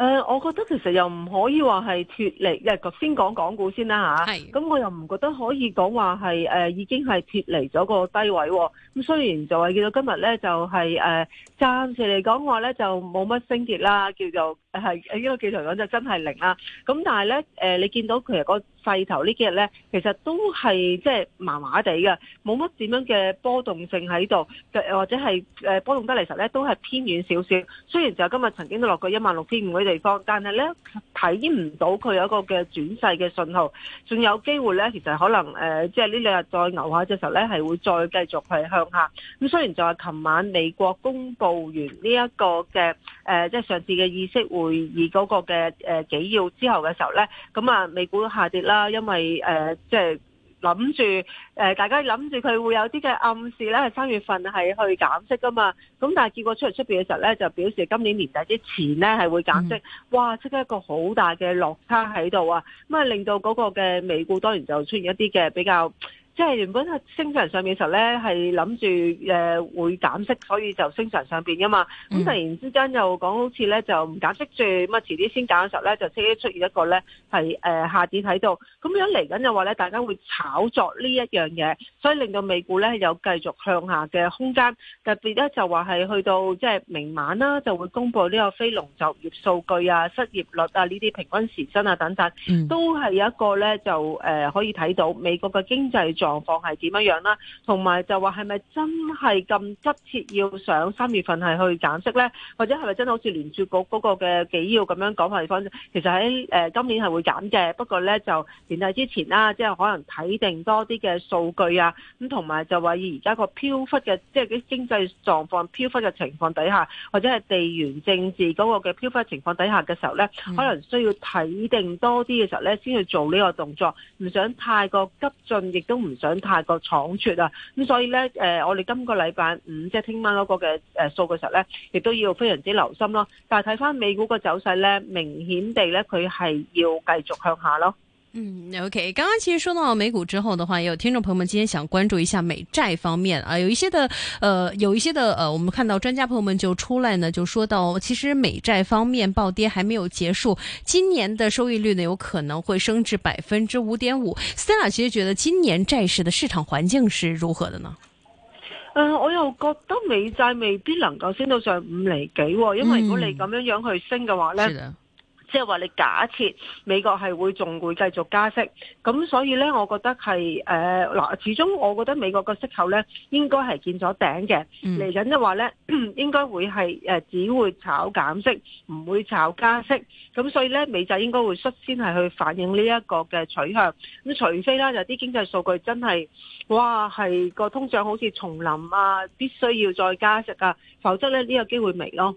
誒、呃，我覺得其實又唔可以話係脱離，即係先講港股先啦嚇。咁係我又唔覺得可以講話係已經係脱離咗個低位喎、哦。咁雖然就係見到今日咧、就是，呃、暫呢就係誒暫時嚟講話咧就冇乜升跌啦，叫做係呢個市場講就真係零啦。咁但係咧、呃、你見到其實個勢頭幾呢幾日咧，其實都係即係麻麻地嘅，冇乜點樣嘅波動性喺度，或者係波動得嚟實咧都係偏遠少少。雖然就今日曾經都落過一萬六千五地方，但係咧睇唔到佢有一個嘅轉勢嘅信號，仲有機會咧，其實可能誒，即係呢兩日再牛下嘅時候咧，係會再繼續係向下。咁雖然就係琴晚美國公布完呢一個嘅誒，即、呃、係、就是、上次嘅議息會議嗰個嘅誒，呃、紀要之後嘅時候咧，咁啊，美股下跌啦，因為誒，即、呃、係。就是諗住誒，大家諗住佢會有啲嘅暗示咧，係三月份係去減息㗎嘛，咁但係結果出嚟出邊嘅時候咧，就表示今年年底之前咧係會減息，嗯、哇！即係一個好大嘅落差喺度啊，咁啊令到嗰個嘅美股當然就出現一啲嘅比較。即係原本係升上上面嘅時候咧，係諗住誒會減息，所以就升上上邊噶嘛。咁突然之間又講好似咧就唔減息住，咁啊遲啲先減嘅時候咧，就即先出現一個咧係誒下跌喺度。咁樣嚟緊就話咧，大家會炒作呢一樣嘢，所以令到美股咧有繼續向下嘅空間。特別咧就話係去到即係明晚啦，就會公布呢個非農就業數據啊、失業率啊呢啲平均時薪啊等等，都係有一個咧就誒、呃、可以睇到美國嘅經濟狀狀況係點樣樣啦，同埋就話係咪真係咁急切要上三月份係去減息呢？或者係咪真係好似聯儲局嗰個嘅紀要咁樣講法嚟其實喺誒今年係會減嘅，不過呢，就年底之前啦，即係可能睇定多啲嘅數據啊。咁同埋就話而家個飄忽嘅即係啲經濟狀況飄忽嘅情況底下，或者係地緣政治嗰個嘅飄忽情況底下嘅時候呢，可能需要睇定多啲嘅時候呢，先去做呢個動作，唔想太過急進，亦都唔想太過倉促啊，咁所以呢，誒，我哋今個禮拜五即係聽晚嗰個嘅誒數據時候呢，亦都要非常之留心咯。但係睇翻美股個走勢呢，明顯地呢，佢係要繼續向下咯。嗯，OK。剛剛其實說到美股之後的話，也有聽眾朋友們今天想關注一下美債方面啊、呃，有一些的，呃，有一些的，呃，我們看到專家朋友們就出來呢，就說到，其實美債方面暴跌還沒有結束，今年的收益率呢有可能會升至百分之五點五。Stella 其實覺得今年債市的市場環境是如何的呢？嗯、呃、我又覺得美債未必能夠升到上五厘幾、喎，因為如果你咁樣樣去升嘅話呢。嗯即係話你假設美國係會仲會繼續加息，咁所以呢，我覺得係誒嗱，始終我覺得美國個息口呢應該係見咗頂嘅，嚟緊、嗯、的話呢，應該會係誒、呃、只會炒減息，唔會炒加息。咁所以呢，美債應該會率先係去反映呢一個嘅取向。咁除非啦，有、就、啲、是、經濟數據真係哇係個通脹好似重臨啊，必須要再加息啊，否則呢，呢、這個機會微咯。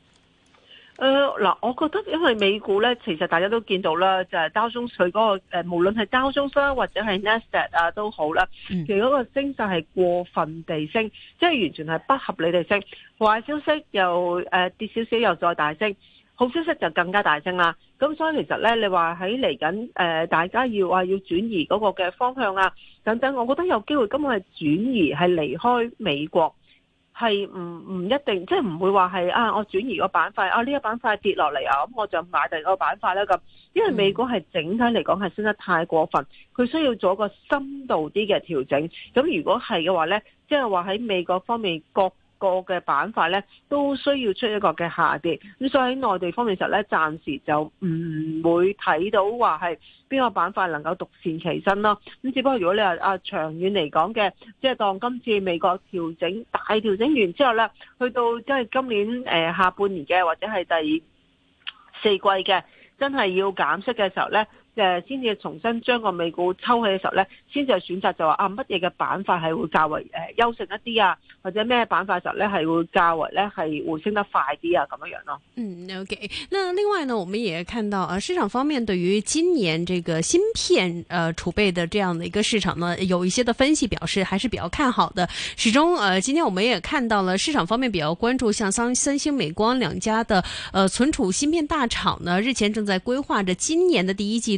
誒嗱、呃，我覺得因為美股咧，其實大家都見到啦，就係交中佢嗰個誒、呃，無論係交中商或者係 Nasdaq 啊都好啦，嗯、其實嗰個升就係過分地升，即係完全係不合理地升。壞消息又、呃、跌少少，又再大升；好消息就更加大升啦。咁所以其實咧，你話喺嚟緊誒，大家要話要轉移嗰個嘅方向啊等等，我覺得有機會今日係轉移係離開美國。係唔唔一定，即係唔會話係啊，我轉移個板塊啊，呢、這個板塊跌落嚟啊，咁我就買第二個板塊啦。咁因為美國係整體嚟講係升得太過分，佢、嗯、需要做一個深度啲嘅調整。咁如果係嘅話呢，即係話喺美國方面各個嘅板塊咧都需要出一個嘅下跌，咁所以喺內地方面時候呢，暫時就唔會睇到話係邊個板塊能夠獨善其身咯。咁只不過如果你話啊長遠嚟講嘅，即係當今次美國調整大調整完之後呢，去到即係今年誒下半年嘅或者係第四季嘅，真係要減息嘅時候呢，先至、呃、重新將個美股抽起嘅時候呢，先至選擇就話啊，乜嘢嘅板塊係會較為誒優、呃、勝一啲啊，或者咩板塊嘅時候呢係會較為呢？係回升得快啲啊咁樣樣咯。嗯，OK，那另外呢，我們也看到啊，市場方面對於今年這個芯片誒儲、呃、備的這樣的一個市場呢，有一些的分析表示還是比較看好的。始終誒、呃，今天我們也看到了市場方面比較關注，像三三星、美光兩家的誒、呃、存儲芯片大廠呢，日前正在規劃着今年的第一季。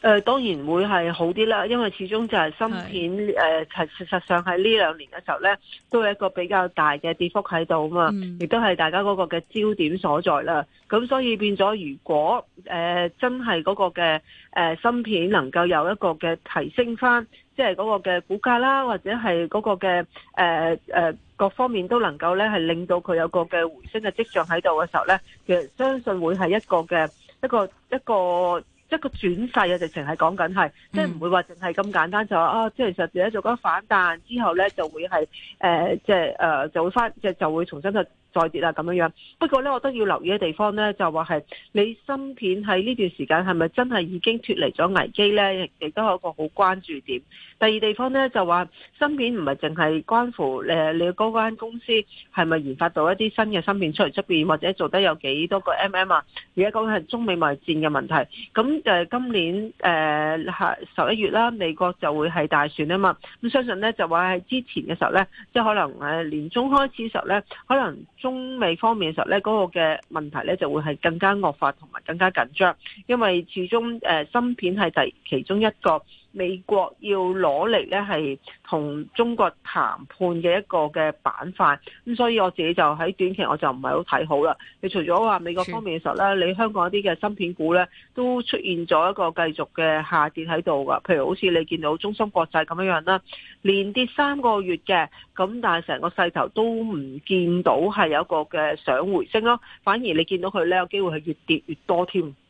誒、呃，當然會係好啲啦，因為始終就係芯片誒是、呃，實實上喺呢兩年嘅時候咧，都有一個比較大嘅跌幅喺度啊嘛，亦都係大家嗰個嘅焦點所在啦。咁所以變咗，如果誒、呃、真係嗰個嘅誒、呃、芯片能夠有一個嘅提升翻，即係嗰個嘅股價啦，或者係嗰個嘅誒誒各方面都能夠咧，係令到佢有個嘅回升嘅跡象喺度嘅時候咧，其實相信會係一個嘅一個一個。一個即個轉勢啊，直情係講緊係，即係唔、嗯、會話淨係咁簡單，就話啊，即係實自己做緊反彈之後咧，就會係誒，即係誒，就會翻，即係就會重新再再跌啊咁樣樣。不過咧，我都要留意嘅地方咧，就話係你芯片喺呢段時間係咪真係已經脱離咗危機咧？亦都係一個好關注點。第二地方咧，就話芯片唔係淨係關乎誒你嗰間公司係咪研發到一啲新嘅芯片出嚟出邊，或者做得有幾多個 mm 啊？而家講緊係中美貿戰嘅問題，咁。就今年誒係十一月啦，美國就會係大選啊嘛，咁相信咧就話喺之前嘅時候咧，即可能年中開始時候咧，可能中美方面嘅時候咧，嗰、嗰個嘅問題咧就會係更加惡化同埋更加緊張，因為始終誒芯片係第其中一個。美國要攞嚟咧，係同中國談判嘅一個嘅板塊，咁所以我自己就喺短期我就唔係好睇好啦。你除咗話美國方面嘅時候咧，你香港一啲嘅芯片股咧都出現咗一個繼續嘅下跌喺度噶，譬如好似你見到中芯國際咁樣樣啦，連跌三個月嘅，咁但係成個勢頭都唔見到係有一個嘅想回升咯，反而你見到佢咧有機會係越跌越多添。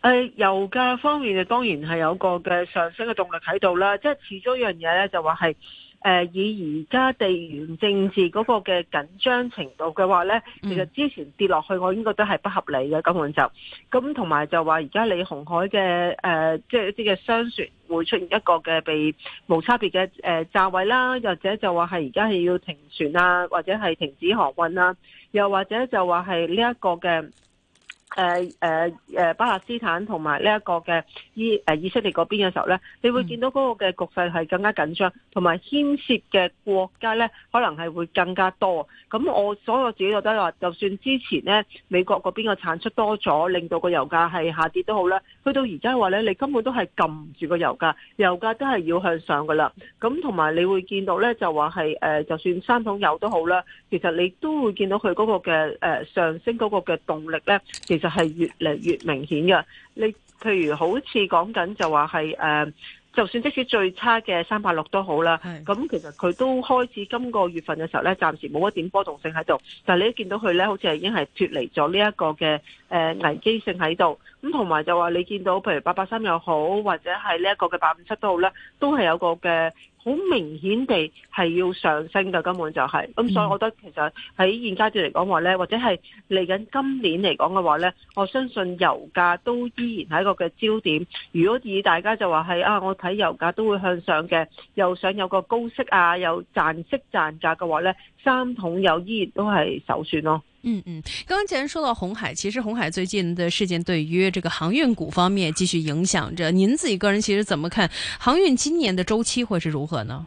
誒、呃，油價方面嘅當然係有個嘅上升嘅動力喺度啦，即係始終一樣嘢咧，就話係誒以而家地緣政治嗰個嘅緊張程度嘅話咧，嗯、其實之前跌落去我應該都係不合理嘅根本就，咁同埋就話而家你紅海嘅誒，即係一啲嘅商船會出現一個嘅被無差別嘅誒炸位啦，或者就話係而家係要停船啊，或者係停止航運啦，又或者就話係呢一個嘅。誒誒誒，巴勒斯坦同埋呢一個嘅意誒以色列嗰邊嘅時候咧，你會見到嗰個嘅局勢係更加緊張，同埋牽涉嘅國家咧，可能係會更加多。咁我所以我自己覺得話，就算之前咧美國嗰邊嘅產出多咗，令到個油價係下跌都好啦。去到而家話咧，你根本都係撳唔住個油價，油價都係要向上噶啦。咁同埋你會見到咧，就話係誒，就算三桶油都好啦，其實你都會見到佢嗰個嘅誒、呃、上升嗰個嘅動力咧，其就係越嚟越明顯嘅，你譬如好似講緊就話係誒，就算即使最差嘅三百六都好啦，咁其實佢都開始今個月份嘅時候咧，暫時冇一點波動性喺度，但係你都見到佢咧，好似係已經係脫離咗呢一個嘅誒危機性喺度。咁同埋就話你見到譬如八八三又好，或者係呢一個嘅八五七都好，呢都係有個嘅好明顯地係要上升嘅根本就係、是。咁、嗯嗯、所以我覺得其實喺現階段嚟講話呢，或者係嚟緊今年嚟講嘅話呢，我相信油價都依然係一個嘅焦點。如果以大家就話係啊，我睇油價都會向上嘅，又想有個高息啊，又賺息賺價嘅話呢，三桶油依然都係首選咯、啊。嗯嗯，剛才說到紅海，其實紅海最近的事件對於這個航運股方面繼續影響着。您自己個人其實怎麼看航運今年的週期會是如何呢？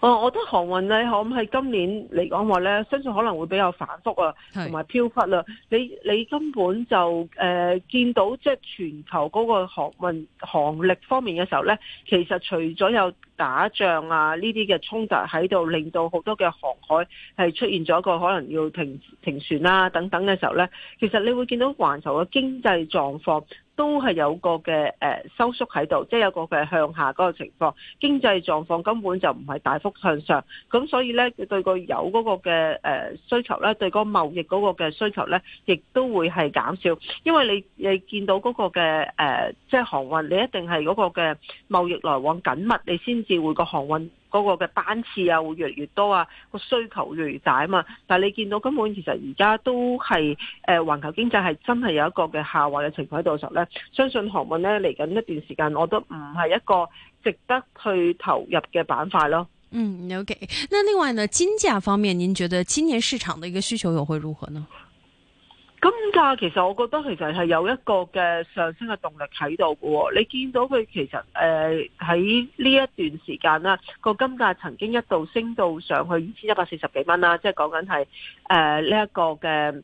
哦、呃，我覺得航運呢，我諗喺今年嚟講話呢，相信可能會比較反復啊，同埋是飄忽啊。你你根本就誒、呃、見到即係全球嗰個航運航力方面嘅時候呢，其實除咗有。打仗啊，呢啲嘅衝突喺度，令到好多嘅航海係出現咗一個可能要停停船啦等等嘅時候咧，其實你會見到環球嘅經濟狀況都係有個嘅誒收縮喺度，即係有個嘅向下嗰個情況。經濟狀況根本就唔係大幅向上，咁所以咧對個有嗰個嘅誒需求咧，對個貿易嗰個嘅需求咧，亦都會係減少，因為你你見到嗰個嘅誒即係航運，你一定係嗰個嘅貿易來往緊密，你先。會個航運嗰個嘅班次啊，會越嚟越多啊，個需求越嚟越大啊嘛。但係你見到根本其實而家都係誒環球經濟係真係有一個嘅下滑嘅情況喺度嘅時候咧，相信航運咧嚟緊一段時間我都唔係一個值得去投入嘅板塊咯。嗯，OK。那另外呢，金價方面，您覺得今年市場的一個需求又會如何呢？金價其實我覺得其實係有一個嘅上升嘅動力喺度㗎，你見到佢其實誒喺呢一段時間啦，個金價曾經一度升到上去二千一百四十幾蚊啦，即係講緊係誒呢一個嘅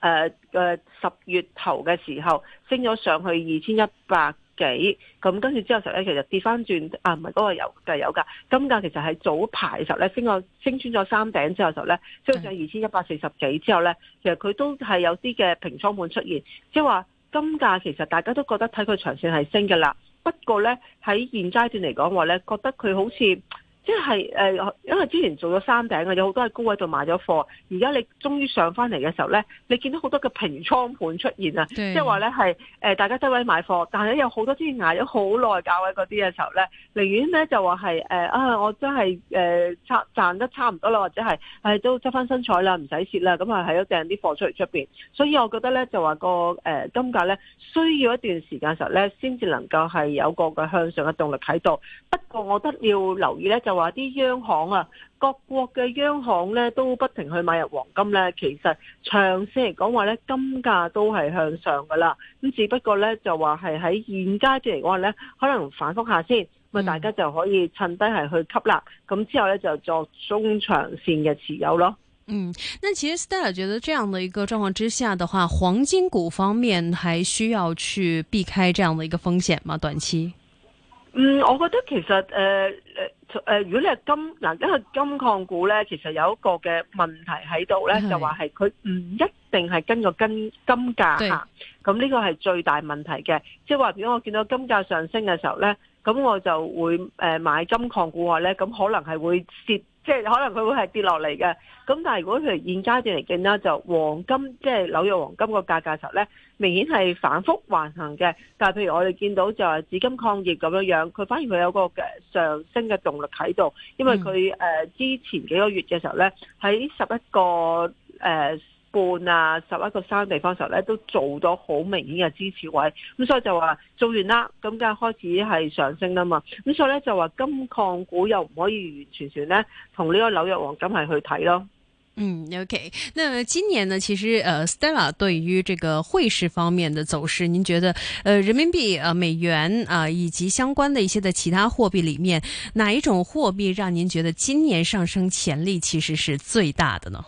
誒誒十月頭嘅時候升咗上去二千一百。幾咁跟住之後時候咧，其實跌翻轉啊，唔係嗰個油計油價，金價其實係早排時候咧，升升穿咗三頂之後就咧升上二千一百四十幾之後咧，其實佢都係有啲嘅平倉盤出現，即係話金價其實大家都覺得睇佢長線係升㗎啦，不過咧喺現階段嚟講話咧，覺得佢好似。即係誒，因為之前做咗山頂啊，有好多喺高位度買咗貨，而家你終於上翻嚟嘅時候咧，你見到好多嘅平倉盤出現啊，嗯、即係話咧係誒，大家低位買貨，但係有好多之前挨咗好耐價位嗰啲嘅時候咧，寧願咧就話係誒啊，我真係誒差賺得差唔多啦，或者係誒、啊、都執翻身彩啦，唔使蝕啦，咁啊喺度掟啲貨出嚟出邊，所以我覺得咧就話個誒、呃、金價咧需要一段時間時候咧，先至能夠係有個嘅向上嘅動力喺度。不過我覺得要留意咧就。話啲央行啊，各國嘅央行咧都不停去買入黃金咧，其實長線嚟講話咧，金價都係向上噶啦。咁只不過咧就話係喺現階段嚟講咧，可能反複下先，咁啊大家就可以趁低係去吸納啦。咁、嗯、之後咧就作中長線嘅持有咯。嗯，那其實 Stella 覺得，這樣的一個狀況之下的話，黃金股方面還需要去避開這樣的一個風險嗎？短期？嗯，我覺得其實誒誒。呃誒，如果你係金嗱，因為金礦股咧，其實有一個嘅問題喺度咧，就話係佢唔一定係跟個金金價吓，咁呢個係最大問題嘅，即係話如果我見到金價上升嘅時候咧，咁我就會誒買金礦股嘅話咧，咁可能係會蝕。即係可能佢會係跌落嚟嘅，咁但係如果佢如現階段嚟講啦，就黃金即係紐約黃金個價格時候咧，明顯係反覆橫行嘅。但係譬如我哋見到就係紫金礦業咁樣樣，佢反而佢有個嘅上升嘅動力喺度，因為佢誒、嗯呃、之前幾個月嘅時候咧，喺十一個誒。呃半啊十一個三地方嘅時候咧，都做到好明顯嘅支持位，咁所以就話做完啦，咁梗係開始係上升啦嘛，咁所以咧就話金礦股又唔可以完全全咧同呢個紐約黃金係去睇咯。嗯，OK，那今年呢，其實誒，Stella 對於這個匯市方面的走勢，您覺得誒，人民幣啊、美元啊以及相關的一些的其他貨幣裏面，哪一種貨幣讓您覺得今年上升潛力其實是最大的呢？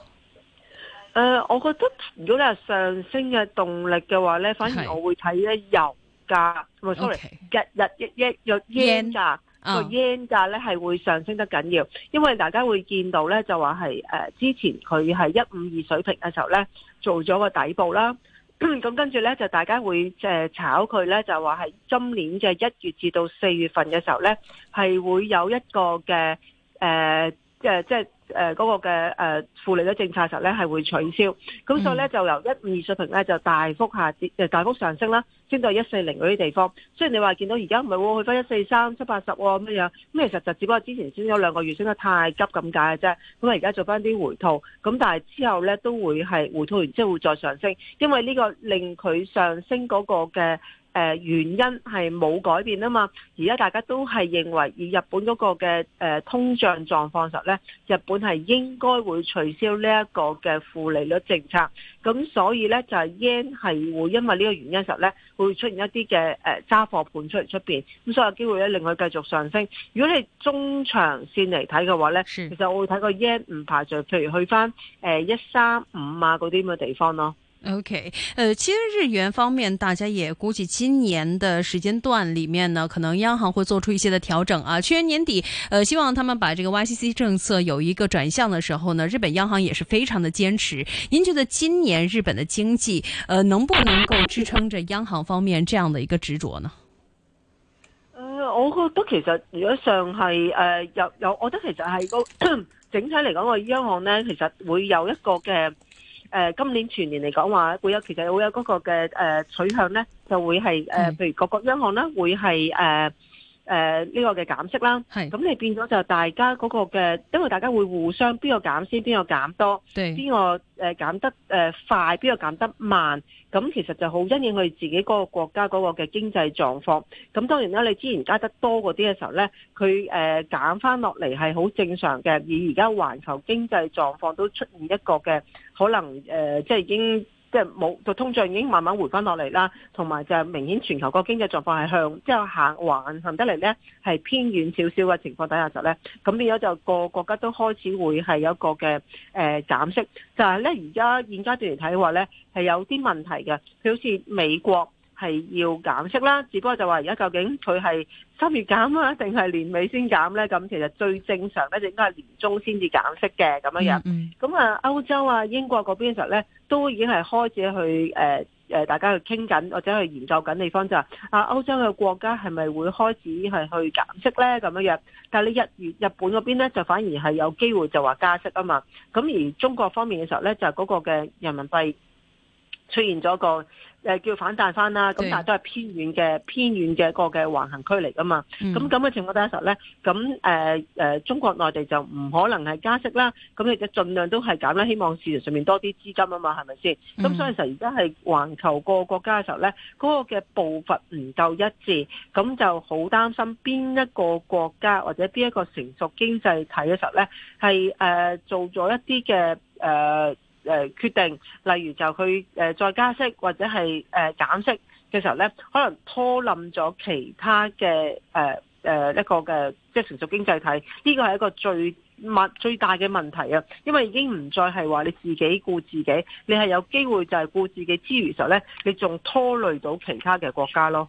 誒、呃，我覺得如果咧上升嘅動力嘅話咧，反而我會睇咧油價。唔 sorry，日日一一個圓價個圓價咧係會上升得緊要，哦、因為大家會見到咧就話係誒之前佢係一五二水平嘅時候咧做咗個底部啦。咁跟住咧就大家會即係炒佢咧就話係今年嘅一月至到四月份嘅時候咧係會有一個嘅誒。呃即係即係嗰個嘅誒負利率政策實咧係會取消，咁、嗯、所以咧就由一五二水平咧就大幅下跌，大幅上升啦，升到一四零嗰啲地方。雖然你話見到而家唔係喎，去翻一四三七八十乜樣咁，其實就只不過之前先有兩個月升得太急咁解嘅啫。咁而家做翻啲回吐，咁但係之後咧都會係回吐完之後會再上升，因為呢個令佢上升嗰個嘅。誒、呃，原因係冇改變啊嘛，而家大家都係認為以日本嗰個嘅誒、呃、通脹狀況實咧，日本係應該會取消呢一個嘅負利率政策，咁所以咧就係 yen 係會因為呢個原因實咧會出現一啲嘅誒揸貨盤出嚟出面，咁所以有機會咧令佢繼續上升。如果你中長線嚟睇嘅話咧，是其實我會睇個 yen 唔排除，譬如去返誒一三五啊嗰啲咁嘅地方咯。OK，呃，其實日元方面，大家也估計今年的時間段裏面呢，可能央行會做出一些的調整啊。去年年底，呃，希望他們把這個 YCC 政策有一個轉向的時候呢，日本央行也是非常的堅持。您覺得今年日本的經濟，呃，能不能夠支撐着央行方面這樣的一個執着呢？呃，我覺得其實如果上係，呃，有有，我覺得其實係個整體嚟講，個央行呢，其實會有一個嘅。誒、呃、今年全年嚟講話會有，其實會有嗰個嘅誒、呃、取向咧，就會係誒、呃，譬如各國央行咧會係誒。呃誒呢、呃這個嘅減息啦，係咁是你變咗就大家嗰個嘅，因為大家會互相邊個減先，邊個減多，邊對個誒減得、呃、得快，邊個減得慢，咁其實就好因應佢自己嗰個國家嗰個嘅經濟狀況。咁當然啦，你之前加得多嗰啲嘅時候咧，佢誒減翻落嚟係好正常嘅。而而家環球經濟狀況都出現一個嘅可能誒、呃，即係已經。即係冇就通脹已經慢慢回翻落嚟啦，同埋就係明顯全球個經濟狀況係向即係下滑，就是、還行得嚟咧係偏軟少少嘅情況底下就咧，咁變咗就個國家都開始會係有一個嘅誒、呃、減息，就係咧而家現階段嚟睇嘅話咧係有啲問題嘅，佢好似美國。係要減息啦，只不過就話而家究竟佢係三月減啊，定係年尾先減呢？咁其實最正常咧，就應該係年中先至減息嘅咁樣樣。咁啊、嗯嗯，歐洲啊、英國嗰邊嘅時候咧，都已經係開始去誒誒、呃，大家去傾緊或者去研究緊地方就話啊，歐洲嘅國家係咪會開始係去減息呢？咁樣樣。但係你一月日本嗰邊咧，就反而係有機會就話加息啊嘛。咁而中國方面嘅時候咧，就嗰、是、個嘅人民幣。出現咗個叫反彈翻啦，咁的但係都係偏遠嘅偏遠嘅一個嘅橫行區嚟㗎嘛，咁咁嘅情況底下時候咧，咁誒、呃、中國內地就唔可能係加息啦，咁亦都盡量都係減啦，希望市場上面多啲資金啊嘛，係咪先？咁、嗯、所以其實而家係環球個國家嘅時候咧，嗰、那個嘅步伐唔夠一致，咁就好擔心邊一個國家或者邊一個成熟經濟體嘅時候咧，係誒、呃、做咗一啲嘅誒。呃誒、呃，決定，例如就佢誒、呃、再加息或者係誒減息嘅時候咧，可能拖冧咗其他嘅誒誒一個嘅即係成熟經濟體，呢個係一個最問最大嘅問題啊！因為已經唔再係話你自己顧自己，你係有機會就係顧自己之餘時候咧，你仲拖累到其他嘅國家咯。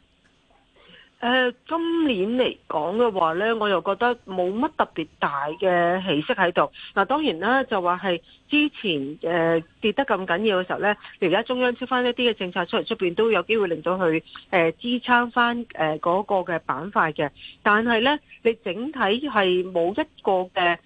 呃、今年嚟講嘅話咧，我又覺得冇乜特別大嘅起色喺度。嗱，當然啦，就話係之前、呃、跌得咁緊要嘅時候咧，而家中央出翻一啲嘅政策出嚟，出邊都有機會令到佢誒、呃、支撐翻誒嗰個嘅板塊嘅。但係咧，你整體係冇一個嘅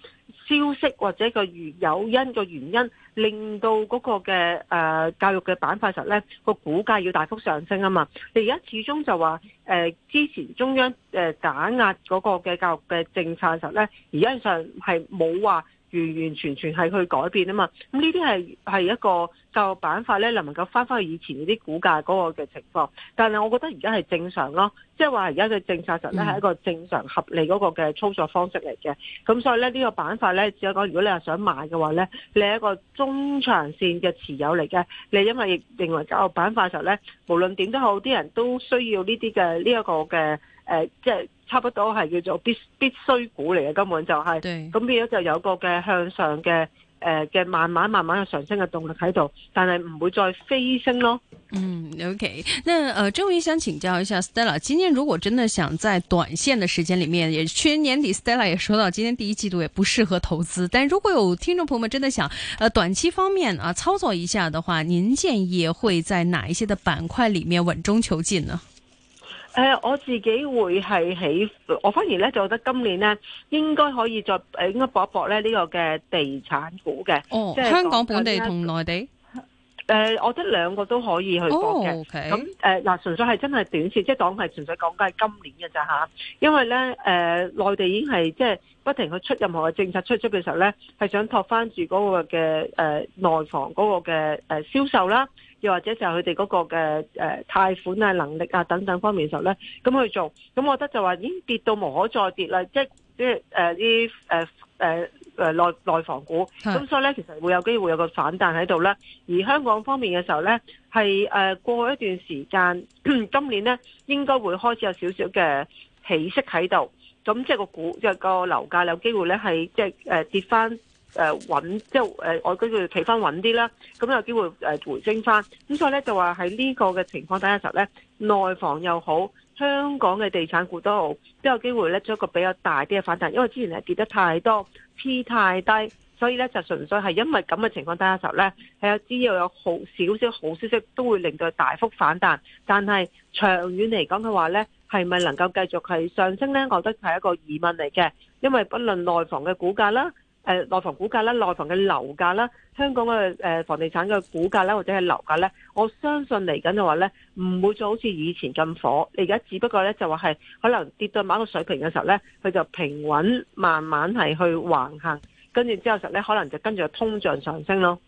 消息或者個原有因個原因，令到嗰個嘅誒教育嘅板塊實咧，個股價要大幅上升啊嘛！你而家始終就話誒之前中央打壓嗰個嘅教育嘅政策實咧，而家上係冇話。完完全全係去改變啊嘛，咁呢啲係係一個教育板塊咧，能唔能夠翻翻去以前嗰啲股價嗰個嘅情況，但係我覺得而家係正常咯，即係話而家嘅政策就咧係一個正常合理嗰個嘅操作方式嚟嘅，咁、嗯、所以咧呢、呢個板塊咧，只係講如果你係想買嘅話咧，你係一個中長線嘅持有嚟嘅，你因為亦認為教育板塊嘅時候咧，無論點都好，啲人都需要呢啲嘅呢一個嘅。誒、呃，即係差不多係叫做必必須股嚟嘅，根本就係、是，咁變咗就有個嘅向上嘅，誒、呃、嘅慢慢慢慢嘅上升嘅動力喺度，但係唔會再飛升咯。嗯，OK，那呃終於想請教一下 Stella，今年如果真的想在短線嘅時間裏面，也去年年底 Stella 也說到，今年第一季度也不適合投資，但如果有聽眾朋友真的想，呃短期方面啊、呃、操作一下嘅話，您建議會在哪一些的板塊裏面穩中求進呢？誒、呃，我自己會係喜，我反而咧就覺得今年咧應該可以再誒應該搏一搏咧呢個嘅地產股嘅。哦，即係香港本地同內地。誒、呃，我覺得兩個都可以去搏嘅。咁誒嗱，純粹係真係短線，即係講係純粹講緊係今年嘅咋吓。因為咧誒、呃，內地已經係即係不停去出任何嘅政策出出嘅時候咧，係想托翻住嗰個嘅誒、呃、內房嗰個嘅誒銷售啦。又或者就佢哋嗰個嘅誒貸款啊、能力啊等等方面嘅時候咧，咁去做，咁我覺得就話已經跌到無可再跌啦，即係即係誒啲誒誒誒內內房股，咁的所以咧其實會有機會有個反彈喺度咧。而香港方面嘅時候咧，係誒、呃、過去一段時間，今年咧應該會開始有少少嘅起色喺度，咁即係個股即係個樓價有機會咧係即係誒、呃、跌翻。誒、呃、穩，即係誒、呃、我跟住企翻穩啲啦，咁有機會誒回升翻，咁所以咧就話喺呢個嘅情況底下時候咧，內房又好，香港嘅地產股都好，都有機會咧出一個比較大啲嘅反彈，因為之前係跌得太多，P 太低，所以咧就純粹係因為咁嘅情況底下時候咧，係有只要有好少少好消息，都會令到大幅反彈。但係長遠嚟講，佢話咧係咪能夠繼續係上升咧，我覺得係一個疑問嚟嘅，因為不論內房嘅股價啦。誒內房股價啦，內房嘅樓價啦，香港嘅誒房地產嘅股價啦，或者係樓價咧，我相信嚟緊嘅話咧，唔會再好似以前咁火。而家只不過咧，就話係可能跌到某一個水平嘅時候咧，佢就平穩慢慢係去橫行，跟住之後實咧，可能就跟住通脹上升咯。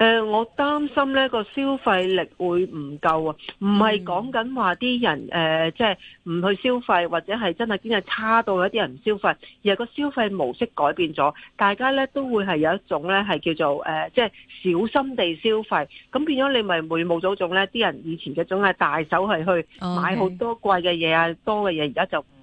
誒、呃，我擔心咧、個消費力會唔夠啊！唔係講緊話啲人誒、呃，即係唔去消費，或者係真係經濟差到一啲人唔消費，而係個消費模式改變咗，大家咧都會係有一種咧係叫做誒、呃，即係小心地消費。咁變咗你咪會冇咗種咧，啲人以前嘅種係大手係去買好多貴嘅嘢啊，多嘅嘢，而家就。